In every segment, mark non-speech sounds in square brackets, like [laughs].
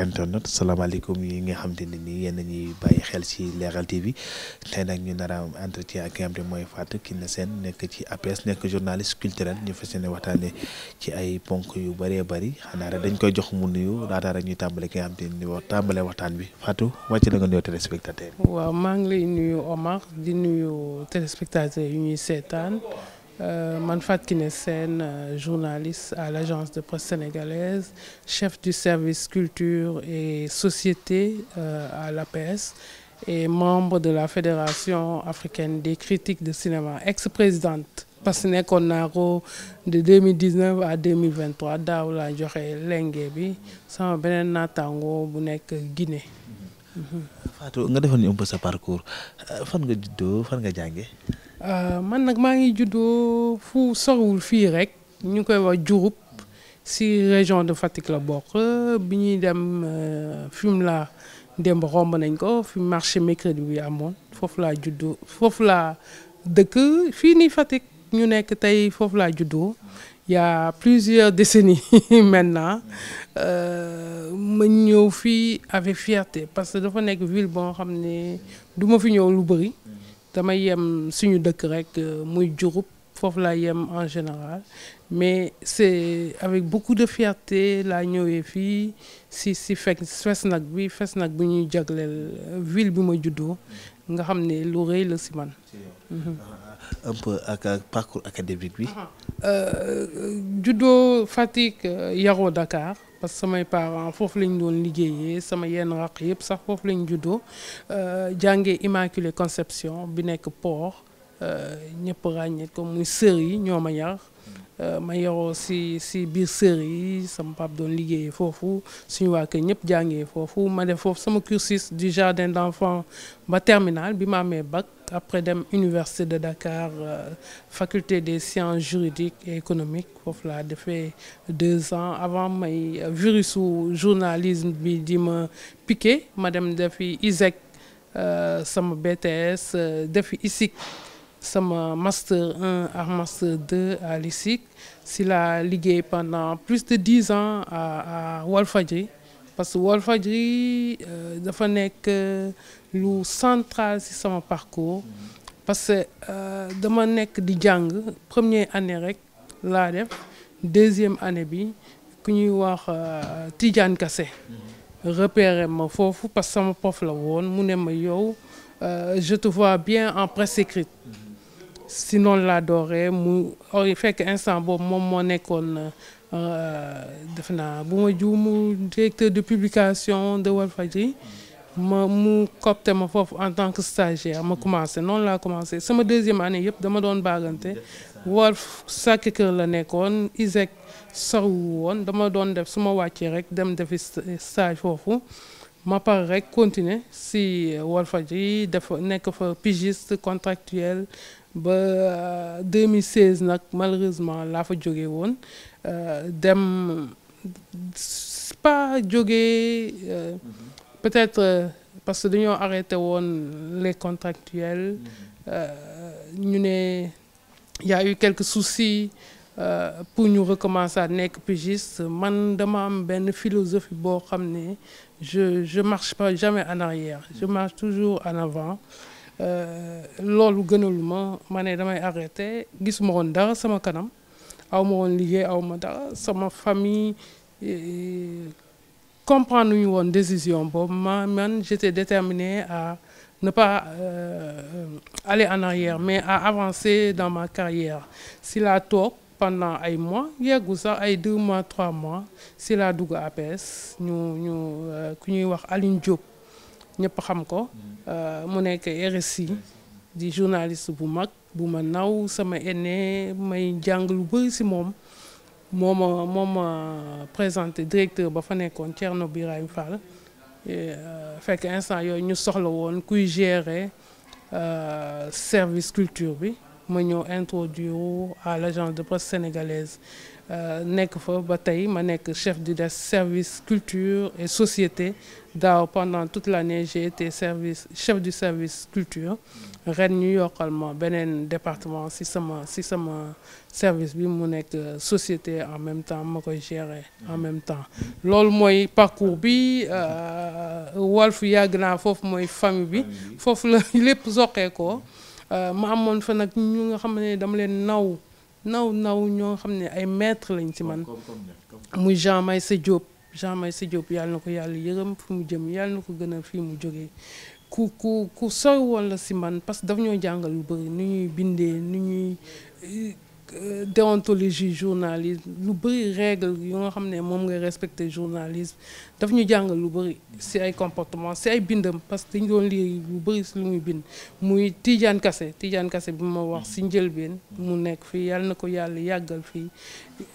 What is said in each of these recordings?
internet salaamaaleykum yi nga xam te ne nii yéen ñuy bàyyi xel ci Leral TV tey nag ñu nar a am entretien ak ki nga xam te mooy Fatou Kiné Sène nekk ci APS nekk journaliste culturel ñu fas yéene waxtaanee ci ay ponk yu bëree bëri xanaa rek dañ koy jox mu nuyu laata rek ñuy tàmbale ki nga xam te ne nii tàmbale waxtaan bi Fatou wàcc na nuyu téléspectateur yu ñuy seetaan. Euh, man Fatou Kiné Sène euh, journaliste à l'agence de presse sénégalaise chef du service culture et société euh, à la l'APS et membre de la fédération africaine des critiques de cinéma ex-présidente parce que nekkoon naa ko de 2019 à 2023 daaw laa joxe lenge bi sama beneen naataango bu nekk Guinée. Fatou nga defoon ñu un peu sa parcours fan nga juddoo fan nga jànge Euh, man nag maa ngi juddoo fu sorwul fii rek ñu koy wax Diouroup si région de Fatick la bokk bi ñuy dem euh, fim la démb romb nañ ko fi marché mercredi bi amoon foofu laa juddoo foofu laa dëkk fii nii Fatick ñu nekk tey foofu laa juddoo y a plusieurs décennies [laughs] maintenant euh, ma ñëw fii avec fierté parce que dafa nekk ville boo xam ne du ma fi ñëw lu bëri dama yem suñu dëkk rek euh, muy Diouroup foofu laa yem en général mais c'est avec beaucoup de fierté laa ñëwee fii si si fekk nag bi fes nag bi ñuy jagleel euh, ville bi ma juddoo nga xam ne lu rëy la si man. Mhm. un peu ak parcours académique bi. Euh, juddoo Fatick yaroo Dakar. parce que samay parents foofu lañ doon liggéeyee sama yenn raq yëpp sax foofu lañ juddoo euh, jàngee Immaculée Conception bi nekk port euh, ñëpp ràññeet ko muy sœur yi ñoo ma yar Euh, ma yoroo si si biir sër yi sama pap doon liggéeyee foofu suñu waa kër ñëpp jàngee foofu ma def foofu sama cursus du jardin d'enfants ba terminal bi ma amee bac après dem université de Dakar euh, faculté des sciences juridiques et économiques foofu laa defee deux ans avant may virusu journalisme bi di ma piqué ma dem defi ISEC euh, sama BTS defi ISIC e sama master 1 ak master 2 à l'ISIC si la liggéey pendant plus de dix ans à à Walfadjri parce que Walfadjri euh, dafa nekk euh, lu central si sama parcours parce que euh, dama nekk di jàng première année rek laa def deuxième année bi ku ñuy wax Tidiane Kassé repéré ma foofu parce que sama prof la woon mu ne ma yow je te vois bien en presse écrite si noonu laa dooree mu or oh, fekk instant boobu moom moo nekkoon euh, def naa bu ma mu directeur de publication de Walfadjri ma mu copte ma foofu en tant que stagiaire ma commencé noonu laa commencé sama deuxième année yëpp dama doon baagante Walf Sacré-Cœur la nekkoon ISEC soriwul woon dama doon def su ma wàccee rek dem defi stage foofu ma pare rek continuer si Walfadjri dafa nekk fa pigiste contractuel ba 2016 euh, nag malheureusement laa fa jóge woon euh, dem pa joge euh, mm-hmm. peut-être parce que dañoo arrêté woon les contractuels mm-hmm. ñu ne y a eu quelques soucis pour ñu recommencer à nekk pigiste man dama am benn philosophie boo xam ne je je marche pas jamais en arrière je mm-hmm. marche toujours en avant Euh, loolu gënal ma ma ne damay arrêté gisuma woon dara sama kanam aw ma woon liggéey aw ma dara sama famille comprendre ñu woon décision boobu ma man j'étais déterminée à ne pas euh, aller en arrière mais à avancer dans ma carrière si laa toog pendant ay mois yeggu sax ay deux mois trois mois si laa dugg APS ñu ñu euh, ku ñuy wax Aline Diop ñëpp xam ko euh, mu nekk RSI di journaliste bu mag bu ma naw sama aîné may jàng lu bëri si moom moo ma moo ma présenté directeur ba fa nekkoon Thierno Birahim Fall euh, fekk instant yooyu ñu soxla woon kuy gérer euh, service culture bi ma ñëw introduire à l'agence de presse sénégalaise nekk fa ba tey ma nekk chef du service culture et société daaw pendant toute l'année j'ai été service chef du service culture ren ñu yokkal ma beneen département si sama si sama service bi mu nekk euh, société en même temps moo koy gérer en même temps loolu mooy parcours bi euh, Walf yàgg naa foofu mooy famille bi foofu la [laughs] lépp soqee ko euh, ma amoon fa nag ñu nga xam ne dama leen naw naw naw ñoo xam ne ay maître lañ ci man muy Jean Maïssa Diop Jean Meissa Diop yàlla na ko yàlla yërëm fi mu jëm yàlla na ko gën a fii mu jógee ku ku ku sori woon la si man parce que daf ñoo jàngal lu bëri nu ñuy bindee nu ñuy Euh, déontologie journalisme lu bëri règle yu nga xam ne moom ngay respecté journalisme daf ñu jàngal lu bëri si ay comportement si ay bindam parce que dañu doon bëri si bind muy Tidiane Kassé Tidiane Kassé bi ma wax si njëlbeen mu nekk fii yàlla na ko yàlla yàggal fii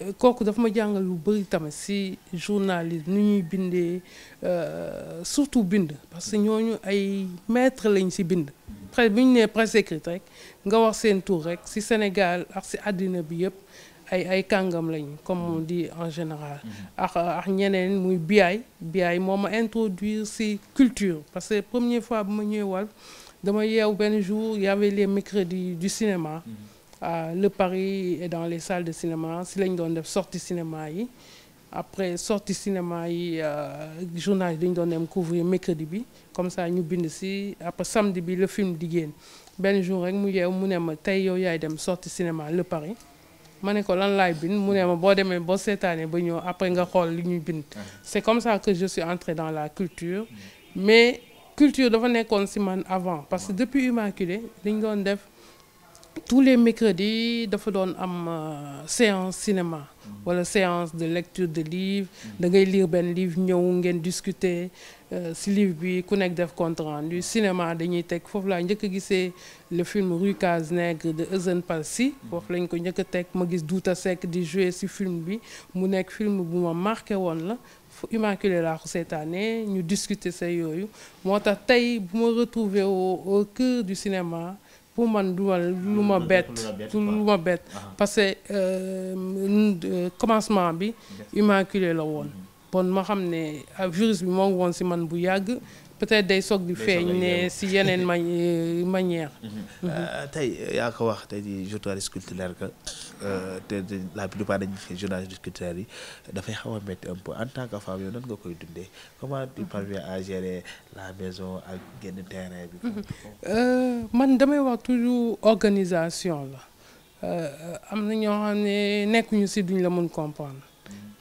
euh, kooku dafa ma jàngal lu bëri tamit si journalisme nu ñuy bindee euh, surtout bind parce que ñooñu ay maître lañ si bind bi ñu nee presse écrite rek nga wax seen tour rek si Sénégal ak si àddina bi yëpp ay ay kàngam lañu comme on dit en général. Mm-hmm. ak ñeneen muy biyaay biyaay moom ma introduire si culture parce que première fois bu ma ñëwee wal dama yeew benn jour y avait les mercredis du cinéma. Mm-hmm. Ah, le Paris et dans les salles de cinéma ci lañ doon def sorti cinéma yi. après sorti cinéma yi euh, journal yi dañu doon dem couvrir mercredi bi comme ça ñu bind si après samedi bi le film di benn jour rek mu yeew mu ne ma tey yow yaay dem sorti cinéma le Paris ma ne ko lan laay bind mu ne ma boo demee boo seetaanee ba ñëw après nga xool li ñuy bind. Ah. c'est comme ça que je entrée dans la culture mais culture dafa nekkoon si man avant parce que depuis Immaculée dañu doon def. tous les mercredis dafa doon am euh, séance cinéma wala séance de lecture de livre da ngay lire benn livre ñëw ngeen discuter euh, ci livre bi ku nekk def contrant rendu cinéma dañuy teg foofu laa njëkk a gisee le film Rue Casse-Nègre de Ezen Palsy foofu lañ ko njëkk teg ma gis Douta Seck di jouer ci film bi mu nekk film bu ma marqué woon la immaculé laa ko seetaane ñu discuter say yooyu moo tax tey bu ma retrouver au cœur du cinéma pour man du ma lu ma bett lu ma bett parce que euh, euh, commencement bi immaculé la woon mhm. bon ma xam ne ah, virus bi moo woon si man bu yàgg peut-être day soog di feeñ ne si yeneen ma [laughs] euh, manière mhm. Mhm. Euh, tey yaa ko wax tey di journaliste culturel que euh, te la plupart dañuy fi journaliste culturel yi dafay xaw a métti un en tant que femme yow nan nga koy dundee comment tu mhm. à gérer la maison ak génn terrain bi man damay wax toujours organisation la am na ñoo xam ne nekkuñu si duñ la mun comprendre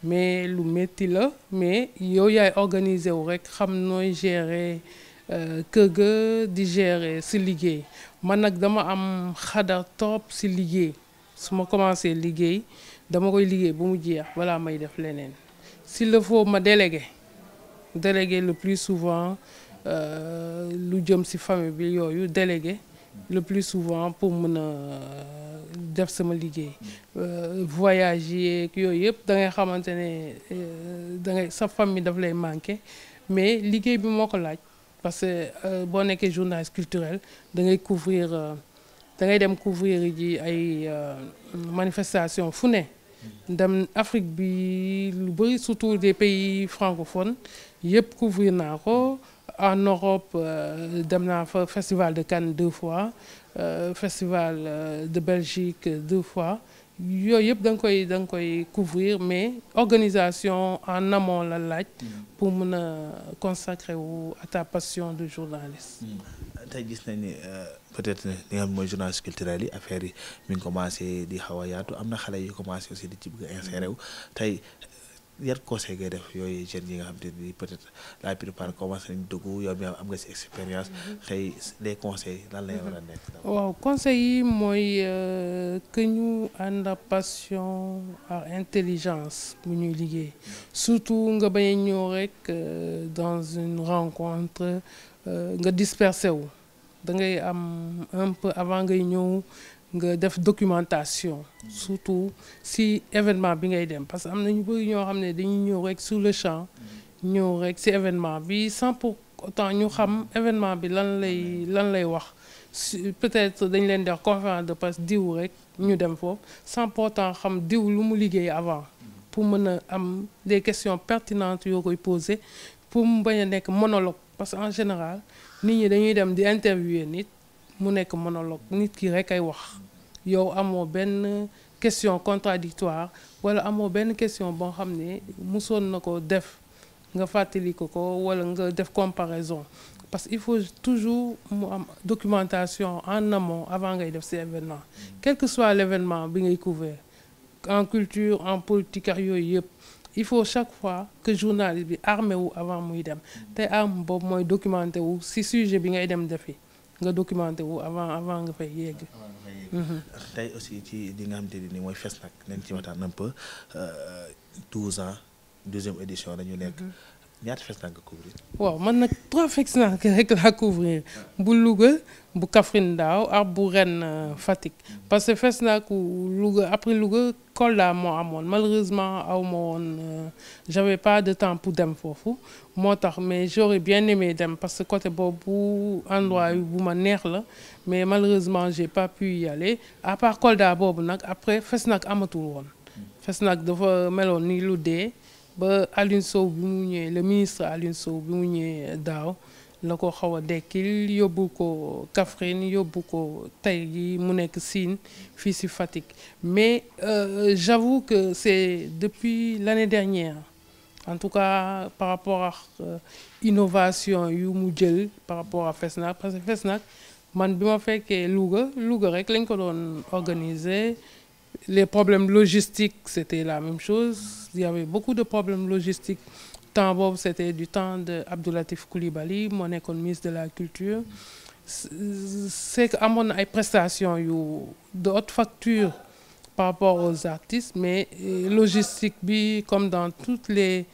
mais lu métti la mais yow yaay organiser wu rek xam nooy gérer euh, kër ga di gérer si liggéey man nag dama am xadar trop si liggéey su ma commencé liggéey dama koy liggéey bu mu jeex balaa may def leneen si le faut ma délégué délégué le plus souvent euh, lu jëm si famille bi yooyu délégué le plus souvent pour mën a euh, def sama liggéey euh, voyage yeeg yooyu yëpp da ngay xamante ne euh, da ngay sa famille daf lay manqué mais liggéey bi moo ko laaj parce que boo nekkee journaliste culturel da ngay couvrir da ngay dem couvrir ji ay manifestation fu ne dem Afrique bi lu bëri surtout des pays francophones yëpp couvrir naa ko en Europe euh, dem naa fa festival de Cannes deux fois euh, festival euh, de Belgique deux fois yooyu yëpp da nga koy da nga koy couvrir mais organisation en amont la laaj. Hmm. pour mën a consacrer wu à ta de journaliste. Hmm. tey gis nañ ni peut-être li nga mooy journaliste culturel yi affaire yi mi ngi commencé di xaw a yaatu am na xale yu commencé aussi di ci bëgg a wu hmm. tey. yan conseil ngay def yooyu jeunes yi nga xam te ni peut-être la plupart commencé nañ dugg yow mi am nga ci expérience xëy les conseils lan lay war a nekk. waaw conseil yi mooy euh, que ñu ànd ak passion ak intelligence bu ñuy liggéey surtout nga bañ ñëw rek euh, dans une rencontre euh, nga dispersé wu da ngay am un peu avant ngay ñëw. nga def documentation surtout si événement bi ngay dem parce que am na ñu bëri ñoo xam ne dañuy ñëw rek sur le champ ñëw rek si événement bi sans pour ñu xam événement bi lan lay lan lay wax peut-être dañ leen def conférence de presse diw rek ñu dem foofu sans pourtant xam diw lu mu liggéey avant pour mën a am des questions pertinentes yoo koy poser pour mu bañ a nekk monologue parce que en général nit ñi dañuy dem di interviewer nit mu nekk monologue nit ki rek ay wax yow amoo benn question contradictoire wala amoo benn question boo xam ne musoon na ko def nga fàttali ko ko wala nga def comparaison parce que il faut toujours mu am documentation en amont avant ngay def ci événement quel que soit l'événement bi ngay couvrir en culture en politique ak yooyu yëpp il faut chaque fois que journaliste bi armé wu avant muy dem te am boobu mooy documenté wu ci sujet bi ngay dem defi nga documenté wu avant avant nga fay yegg. Mhm. tey aussi ci li nga xam xamante ne ni mooy Fesnac nen ci waxtaan un peu 12 euh, ans deuxième édition la ñu nekk. Mhm. ñaata man nag trois fees naa rek laa bu Louga bu Kaffrine daaw ak bu euh, Fatick parce que fees naa ko Louga après Louga Kolda moo amoon malheureusement aw ma woon euh, j'avais pas de temps pour dem foofu moo tax mais j'aurais bien aimé dem parce que côté boobu endroit yi bu ma neex la mais malheureusement j'ai pas pu y aller à part Kolda boobu nag après fees naa amatul woon fees naa dafa meloon lu dee. ba Alioune Sow bi mu ñëwee le ministre Alioune Sow bi mu ñëwee daaw la ko xaw a dekkil yóbbu ko Kaffrine yóbbu ko tey jii mu nekk Sine fii si Fatick mais euh, j'avoue que c'est depuis l'année dernière en tout cas par rapport ak euh, innovation yu mu jël par rapport fes Fesnac parce que nag man bi ma fekkee Louga Louga rek lañ ko doon organiser les problèmes logistiques c'était la même chose il y avait beaucoup de problèmes logistiques temps boobu c'était du temps de Abdoulatif Coulibaly moo nekkoon ministre de la culture c'est que amoon na ay prestations yu de haute facture par rapport aux artistes mais euh, logistique bi comme dans toutes les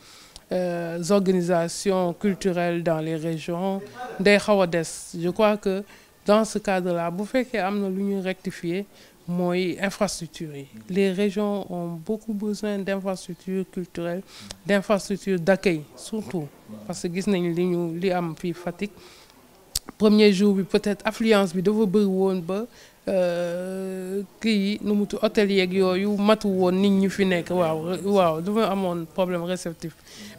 euh, organisations culturelles dans les régions day xaw a des je crois que dans ce cadre là bu fekkee am na lu ñuy rectifier mooy infrastructures yi les régions ont beaucoup besoin d' infrastructures culturelles d' infrastructures d' accueil surtout parce que gis nañ li ñu li am fii Fatick premier jour bi peut-être affluence bi dafa bëri woon ba Euh, kii nu mutu otel yeeg yooyu matu woon nit ñi fi nekk waaw waaw dafa amoon problème réceptif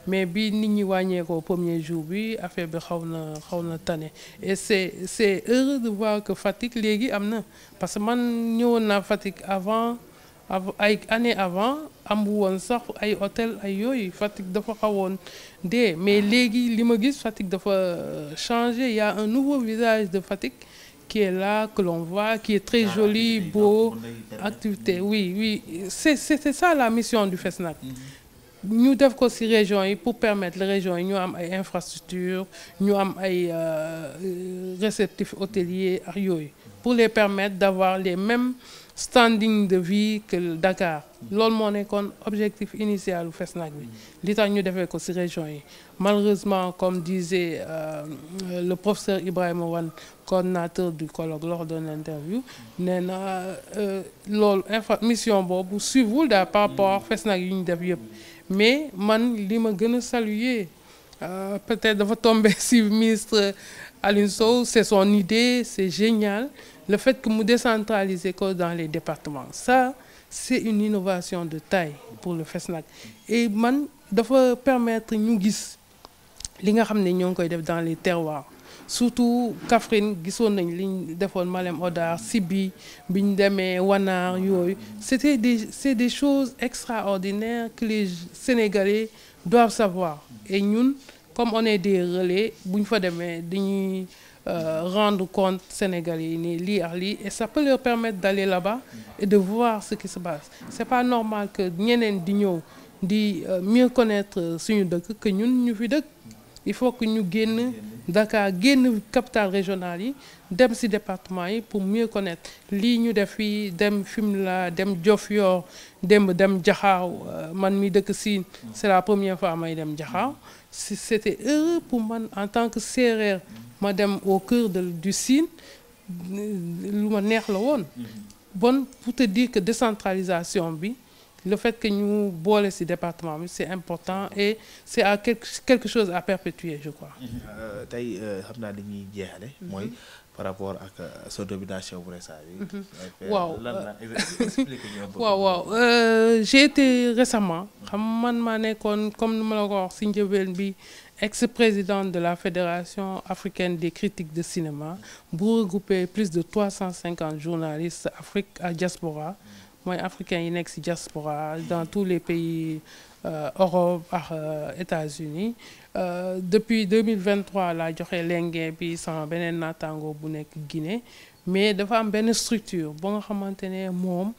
mais bi nit ñi wàññeekoo premier jour bi affaire bi xaw na xaw na tane et c'est c'est heureux de voir que Fatick léegi am na parce que man ñëwoon naa Fatick avant ay année avant am woon sax ay hôtel ay yooyu Fatick dafa xawoon dee mais léegi li ma gis Fatick dafa euh, changé y a nouveau visage de Fatick qui est là, que l'on voit, qui est très ah, joli, beau, activité. Oui, oui. C'est ça la mission du FESNAC. ñu mhm. def ko ci région yi pour permettre les régions yi ñu am ay infrastructures ñu am ay euh, euh, réceptifs hôteliers ak yooyu pour les permettre d'avoir les mêmes standing de vie que Dakar loolu moo nekkoon objectif initial u FESNAC bi li tax ñu defee ko ci région yi malheureusement comme disait euh, le professeur Ibrahima Wane coordonnateur du colloque lors de l'interview nee na euh, loolu mission boobu suivul daal par rapport FESNAC yu ñu def yëpp mais man li ma gën a saluer euh, peut-être dafa tomber [laughs] ci ministre Aline Sow c'est son idée c'est génial le fait que mu décentraliser ko dans les départements ça c'est une innovation de taille pour le FESNAC et man dafa permettre ñu gis li nga xam ne ñoo ngi koy def dans les terroirs surtout Kaffrine gisoon nañ liñ defoon Malem Odar Sibi bi ñu demee Wanaar yooyu c'était des c'est des choses extraordinaires que les Sénégalais doivent savoir et ñun comme on est des relais bu ñu fa demee dañuy euh, rendre compte Sénégalais yi nii ak lii et sa peut leur permettre d'aller là et de voir ce qui se passe c'est pas normal que ñeneen di ñëw di euh, mieux connaître euh, suñu dëkk que ñun ñu fi dëkk il faut que ñu génn Dakar génn capitale régionale yi dem ci département yi pour mieux connaître lii ñu def fii dem Fimela dem Diofior dem dem Diakhao euh, man mi dëkk Sine c'est la première fois may dem Diakhao c'était heureux pour man en tant que séeréer ma dem au cœur de du Sine lu ma neex la woon mm-hmm. bon pour te dire que décentralisation bi le fait ñu boole ci département bi c'est important et c'est à quelque quelque à perpétuer je crois. Euh, tey euh, xam naa li mhm. mooy par rapport ak euh, sa domination bu bi. Mhm. [laughs] waaw waaw j'ai été récemment man maa nekkoon comme nu ma la ko wax bi ex de la Fédération africaine des critiques de cinéma bu regroupé plus de 350 journalistes Afrique à diaspora mm. mooy africains yi nekk ci diaspora dans tous les pays euh, Europe ak euh, États-Unis euh, depuis 2023 laa joxe lengue bi sama beneen naataango bu nekk Guinée mais dafa am benn structure ba nga xamante ne moom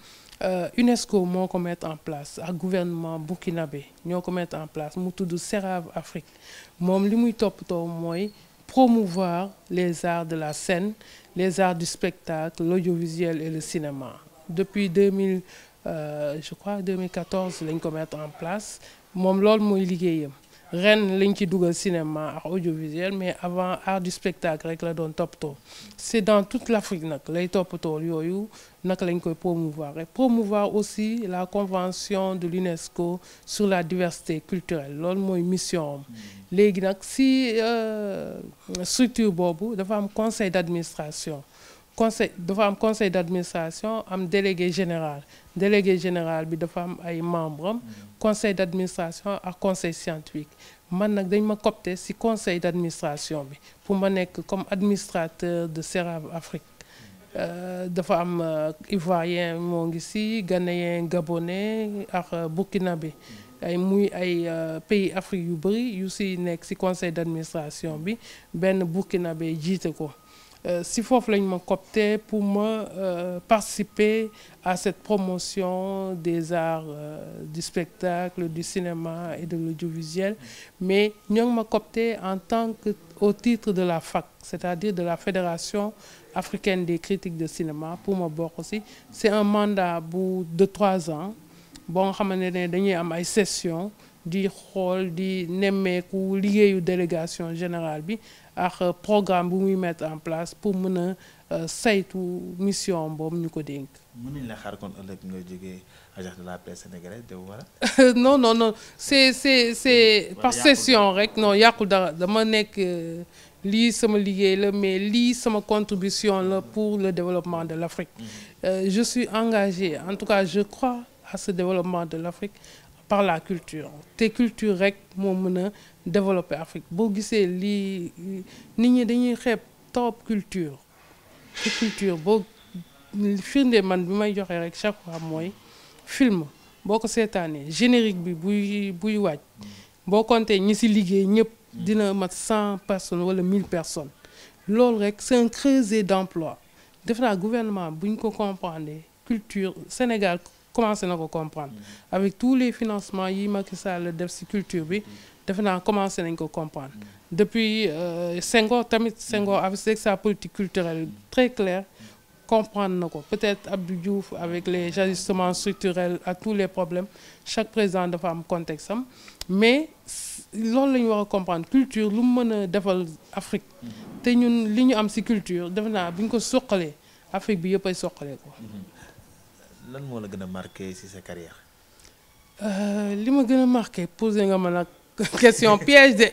UNESCO moo ko mettre en place ak gouvernement burkinabé ñoo ko mettre en place mu tudd Serave Afrique moom li muy toppatoo mooy promouvoir les arts de la scène les arts du spectacle l'audiovisuel et le cinéma depuis 2000 euh, je crois 2014 lañ ko mettre en place moom lool mooy liggéeyam ren lañ ci dugal cinéma ak audiovisuel mais avant art du spectacle rek la doon toppatoo c'est dans toute l'Afrique nag lay toppatoo yooyu naka lañ koy promouvoir et promouvoir aussi la convention de l'UNESCO sur la diversité culturelle loolu mooy mission am léegi nag si euh, structure boobu dafa am conseil d'administration conseil dafa am conseil d'administration am délégué général délégué général bi dafa am ay membres am conseil d'administration ak conseil scientifique man nag dañ ma copte ci conseil d'administration bi pour ma nekk comme administrateur de Serav Afrique euh, dafa am euh, ivoirien moo ngi ci ghanéen gabonais ak euh, burkinabé ay muy ay pays Afrique yu bari yu ci nekk ci conseil d'administration bi benn burkinabé jiite ko Euh, si foofu lañ ma coopté pour ma euh, participer à cette promotion des arts euh, du spectacle du cinéma et de l'audiovisuel mais ñoo ngi ma coopté en tant que au titre de la FAC c'est-à-dire de la Fédération africaine des critiques de cinéma pour ma bokk aussi c'est un mandat bu de trois ans boo nga xamante ne dañuy am ay sessions di xool di nemmeeku liggéeyu délégation général bi ak euh, programme bu muy mettre en place pour mën a euh, saytu mission boobu ñu ko dénk. mën kon ëllëg nga jógee la paix sénégalaise de wala. [laughs] non non non c'est c'est c'est par session rek non yàqul dara dama nekk euh, lii sama liggéey la mais lii sama contribution la pour le développement de l'Afrique. Mhm. je suis engagée en tout cas je crois à ce développement de l'Afrique. par la culture te culture rek moo mën a développer Afrique boo gisee lii nit ñi dañuy xepp trop culture te culture boo firnde man bi may joxe rek chaque fois mooy film boo ko seetaanee générique bi buy buy wàcc boo compter ñi si liggéey ñëpp dina mat cent personnes wala mille personnes loolu rek c'est un creuset d'emploi def naa gouvernement bu ko comprendre culture Sénégal commencé na ko comprendre mm-hmm. avec tous les financements yi Macky Sall def ci culture bi mm-hmm. defe naa commencé nañ ko comprendre mm-hmm. depuis euh, Senghor tamit Senghor avec sa politique culturelle très claire comprendre na ko peut-être Abdou Diouf avec les ajustements structurels ak tous les problèmes chaque président dafa am contexte mais loolu la ñu war a comprendre culture lu mu mën a defal Afrique te ñun li ñu am ci culture defe naa bi ñu ko soqalee Afrique bi yëpp ay soqalee ko lan moo la gën a marqué si sa carrière. Euh, li ma gën a marqué posé nga ma nag [laughs] question piège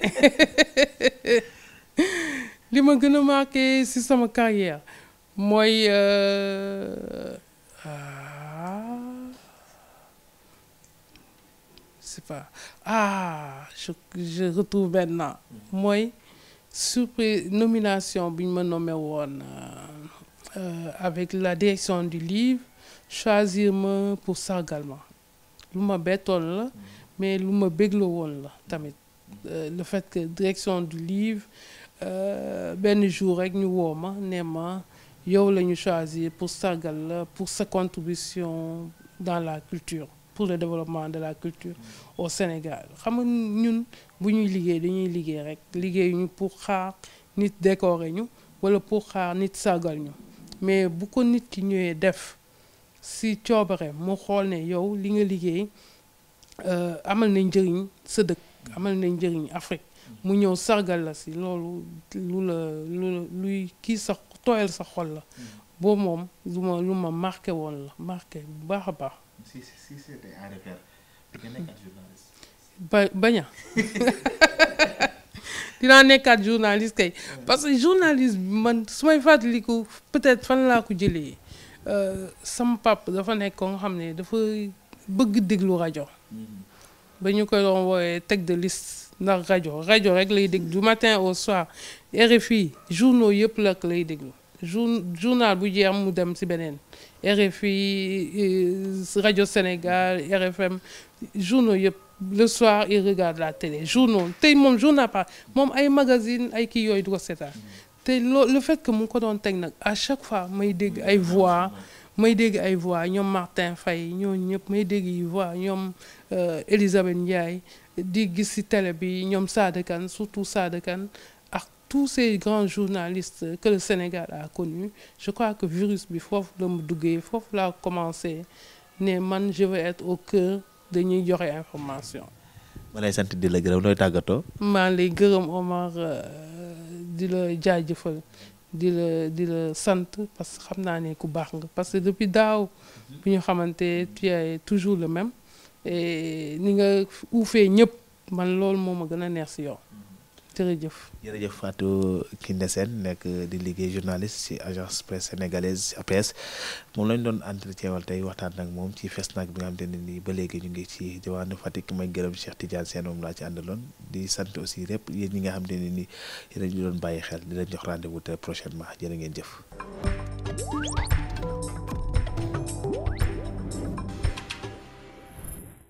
[laughs] li ma gën a marqué ci sama carrière mooy c'est euh, ah, pas ah je je retrouve maintenant mooy surprise nomination bi ñu ma nommé euh, avec la direction du livre. choisir ma pour sargal ma lu ma bettoon la mais lu ma bégloo woon la tamit euh, le fait que direction du livre euh, benn jour rek ñu woo ma ne ma yow la ñu choisir pour sargal la pour sa contribution dans la culture pour le développement de la culture au Sénégal xam nga ñun bu ñuy liggéey dañuy liggéey rek liggéey ñu pour xaar nit décorer ñu wala pour xaar nit sargal ñu mais bu ko nit ki ñëwee def si coobare mu xool ne yow li nga liggéey euh, amal na njëriñ sa dëkk amal na njëriñ Afrique mu ñëw sargal la si loolu lu luy kii sa tooyal sa xol la boobu moom lu ma lu woon la marqué bu baax a baax. si si c'était nekkaat journaliste. ba baña [laughs] dinaa nekkaat journaliste kay parce que journaliste man su may fàttaliku peut-être fan laa ko jëlee. Euh, sama papa dafa nekk nga xam ne dafa bëgg déglu rajo mm-hmm. ba ñu koy doon woowee teg de liste ndax rajo rajo rek lay dégg du matin au soir RFI journaux yëpp la lay déglu jour journal bu jeex mu dem si beneen RFI euh, rajo Sénégal RFM journaux yëpp le soir il regarde la télé journaux tey moom journal pas moom ay magazine ay kii yooyu du ko seetaan te loolu le fait que mu ngi ko doon teg nag à chaque fois may dégg ay voix may dégg ay voix ñoom Martin Faye ñooñu ñëpp may dégg ay voix ñoom euh, Elisabeth Ndiaye di gis ci télé bi ñoom Sada Kane surtout Sada kan ak tous ces grands journalistes que Sénégal a connus je crois que virus bi foofu la mu duggee foofu laa commencé ne man je veux être au cœur dañuy joxe information. ma sant di la tàggatoo. maa lay gërëm Omar. Euh, di la jaajëfal di la di la sant parce que xam naa ne ku baax nga parce que depuis daaw bu ñu xamante toujours le même et ni nga uufee ñëpp man loolu moo ma gën a neex si yow jërëjëf jërëjëf Fatou Kiné Sène nekk di liggéey journaliste ci agence presse sénégalaise APS moom lañ doon entretien wal tey waxtaan nag moom ci Fesnac bi nga xamante ne nii ba léegi ñu ngi ci diwaanu Fatick may gërëm Cheikh Tidiane Sène moom laa ci àndaloon di sant aussi répp yéen ñi nga xamante ne nii yéen ñu doon bàyyi xel di leen jox rendez-vous très prochainement jërë ngeen jëf